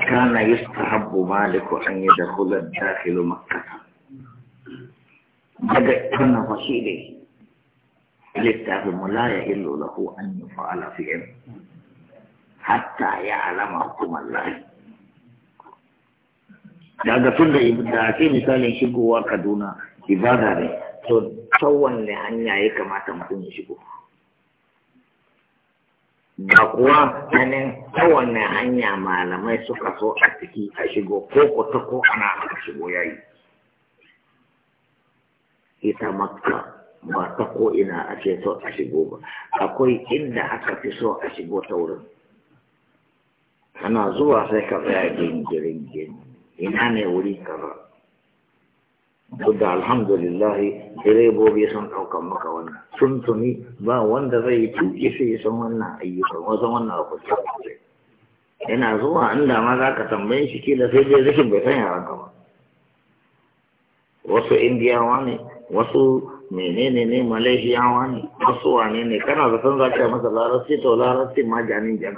كان يستحب مالك أن يدخل الداخل مكة بدأ كنا فشيله للتعلم لا يحل له أن يفعل فيهم حتى يعلم حكم الله daga tun da da ce misalin shigowa Kaduna ibada ne to ta wanne hanya ya kamata mutum ya shigo ba kuwa ganin kowanne hanya malamai suka so a ciki a shigo ko kwata ko ana a shigo yayi ita makka ba ta ko ina ake so a shigo ba akwai inda aka fi so a shigo ta wurin ana zuwa sai ka tsaya gingirin gini ina ne wuri kaza duk da alhamdulillah direbobi sun ɗaukar maka wannan sun ba wanda zai yi sai san wannan ayyukan wasan wannan abu Ina zuwa inda ma za ka tambaye shi kila sai dai zikin bai san ranka ba wasu indiyawa ne wasu menene ne malaysiyawa ne wasu wane ne kana zaton za ka yi masa larasi to larasi ma janin jan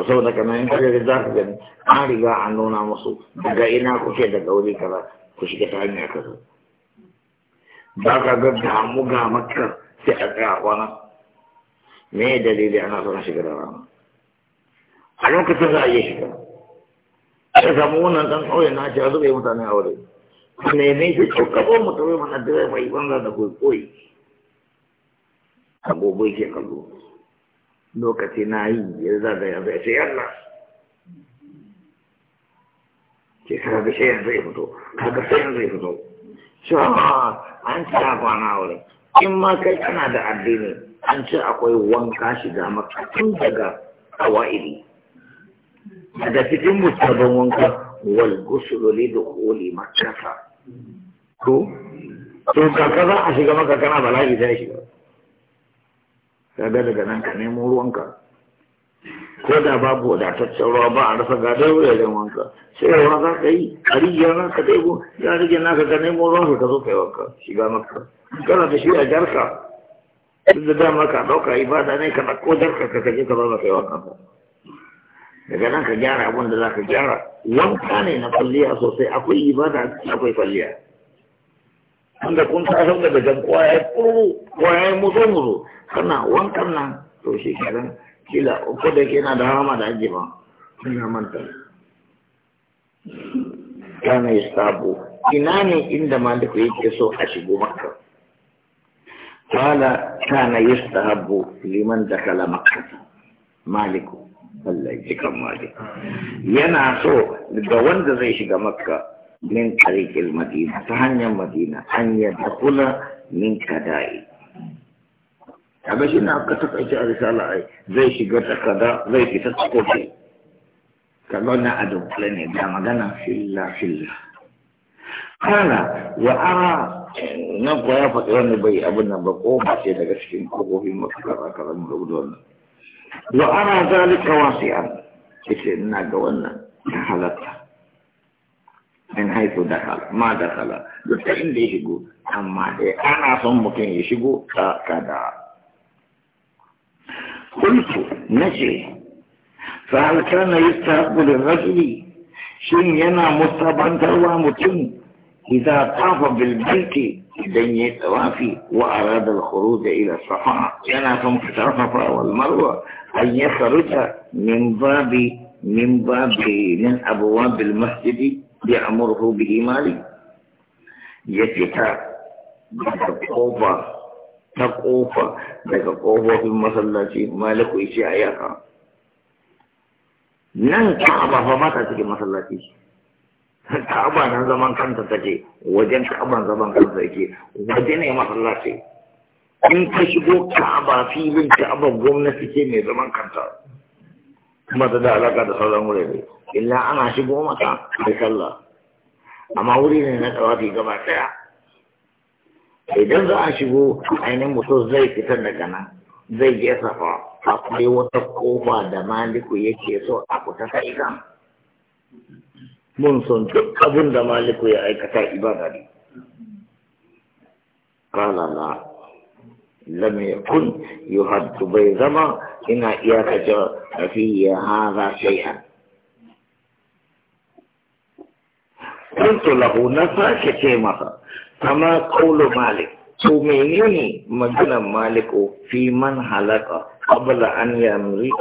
a sau da kare kagari za ka gani an riga an nuna musu daga ina kuke daga wuri kaza ku shiga ta hanya kaza ba ka ga damu ga makka sai a tsaya kwana me dalili ana son shiga da rana a lokacin za a iya shiga A samu wannan dan ƙauyen na ce a zuba mutane a wurin neme shi kabo mutum mana direba ban za da koyi koyi agogo ke kallo lokaci na yi ya zaga ya zai ce yalla ce kaga sai yanzu ya fito kaga sai yanzu ya fito shi an ci a kwana wurin in ma kai kana da addini an ce akwai wanka shiga maka tun daga kawa'idi daga cikin musabban wanka wal gusulu da koli makkah ko to kaka za a shiga maka kana bala'i zai shiga da daga nan ka nemo ruwanka ko da babu wadataccen ruwa ba a rasa gada wuraren wanka sai za ka yi a rijiya za ka ɗaigo ya rige naka ka mu ruwan ka zo kai wanka shiga maka kana da shi a jarka duk da dama ka ɗauka ibada ne ka dauko jarka ka kaje ka zauna kai wanka daga nan ka gyara abin da za ka gyara wanka ne na kwalliya sosai akwai ibada akwai kwalliya wanda kun tashi da daga kwaya kuru kwaya muzo muzo kana wankan nan to shi kenan kila uku da ke na da hama da aji ba ina manta na yi sabo ina ne inda maliku yake so a shigo maka kala na yi sabo liman da kala makka maliku Allah ya cikan yana so ga wanda zai shiga maka min tariqil madina ta hanyar madina an kula min kada'i kaga shi na aka takaice a risala ai zai shiga ta kaza zai fita ta kofi kaga wannan a dunkule ne ga magana filla filla kana wa ara nan ko ya faɗi wani bai abin nan ba ko ba ce daga cikin kofofin masu kaza kaza mu rubuta wannan wa ara zalika wasi'an yace ina ga wannan ta halatta in haifu da kala ma da kala duk inda ya shigo amma dai ana son mutum ya shigo ka kada قلت نجي فهل كان يستحق للرجل شن ينا مصابا تروى متن إذا طاف بالبيت دنيا توافي وأراد الخروج إلى الصفا ينا ثم صفا والمروة أن يخرج من باب من باب من أبواب المسجد يأمره به مالي يفتح بطوبة ta kofa daga kofofin masallaci maliku yace a yaka nan ka'aba fa ba ta cikin masallaci ka'aba nan zaman kanta take wajen ka'aban zaman kanta yake waje ne masallaci in ka shigo ka'aba filin ka'aba gwamnati ce mai zaman kanta kuma ta da alaka da sauran wurare illa ana shigo maka da sallah amma wuri ne na tsawafi gaba daya idan za a shigo ainihin mutum zai fita daga nan zai je safa akwai wata kofa da maliku yake so a kusa ta idan mun son duk abin da maliku ya aikata ibada ne kala la kun yi yuhaddu bai zama ina iyakace fi hadha shay'an kuntu lahu na sake ce masa kama kaulu malik to menene magana maliku fi man halaka qabla an yarmi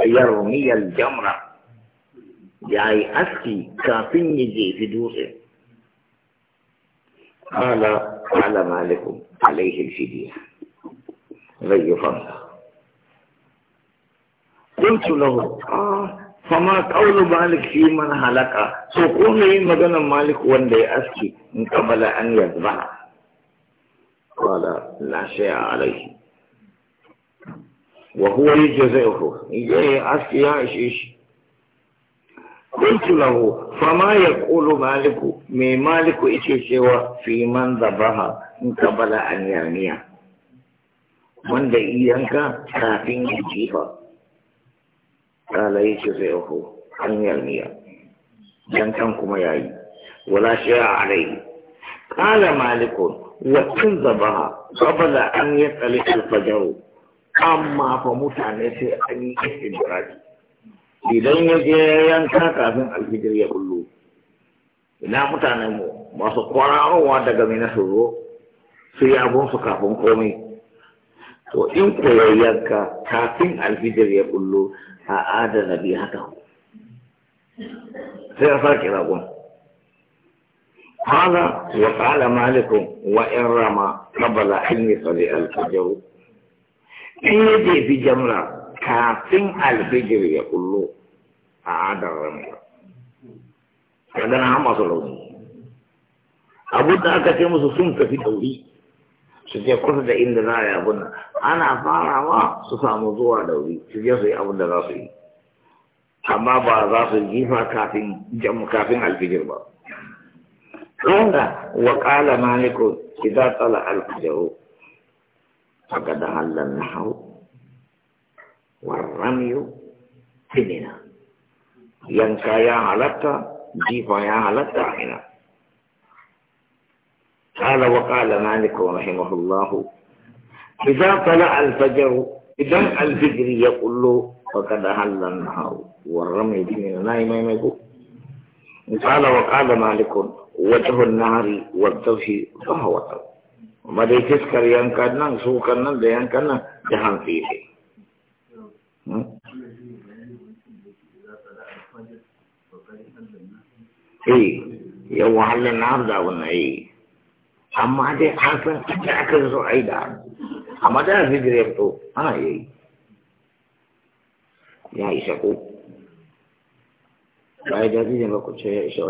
al-jamra yayi aski kafin ya jefi dutse qala qala maliku alayhi al-fidiya zai fansa قلت له آه فما قول مالك في من هلك سقوم مغنى مالك وان دي أسكي قبل أن يذبح قال لا شيء عليه وهو يجزئه إيه أسكي إيش قلت له فما يقول مالك مي مالك إيش سوى في من ذبها قبل أن يرميها من دقيقك كافين يجيها قال يجزئه أن يرميها جنكم كما يعي ولا شيء عليه قال مالك wacin zaba kabala an yi tsali alfajaru amma fa mutane sai an yi kifin tsari idan ya je yanka kafin alfijir ya kullu ina mutanen mu masu kwararowa daga mai su zo su yabon su kafin komai to in koya yanka kafin alfijir ya kullu a adana biyu haka sai a sarki ragon هذا وقال مالك وإن رمى قبل أن يصل الفجر إن يجي في جمرة كافٍ الفجر يقول له أعاد الرمي هذا نعم أصله أبو داك تيمس سنك في دوري سجي قصد إن دنا يا أبونا أنا فارع ما سسام زوا دوري سجي سي أبو دراسي أما بعض الجيفة كافٍ جم كافٍ الفجر بقى قال وقال مالك إذا طلع الفجر فقد هل النحو والرمي في منى ينكايا علتا جيفايا علتا هنا قال وقال مالك رحمه الله إذا طلع الفجر إذا الفجر يقول فقد هل النحو والرمي في منى نايم يقول قال وقال مالك watahun nari watahi baha watahu amma dai fiskar yankan nan su kan nan da yankan nan da eh yau wahalar na da a yi amma dai an san ake aka zo a yi da amma da yanzu jirya fito ana yi ya isa ko bai da zai ku ce ya isa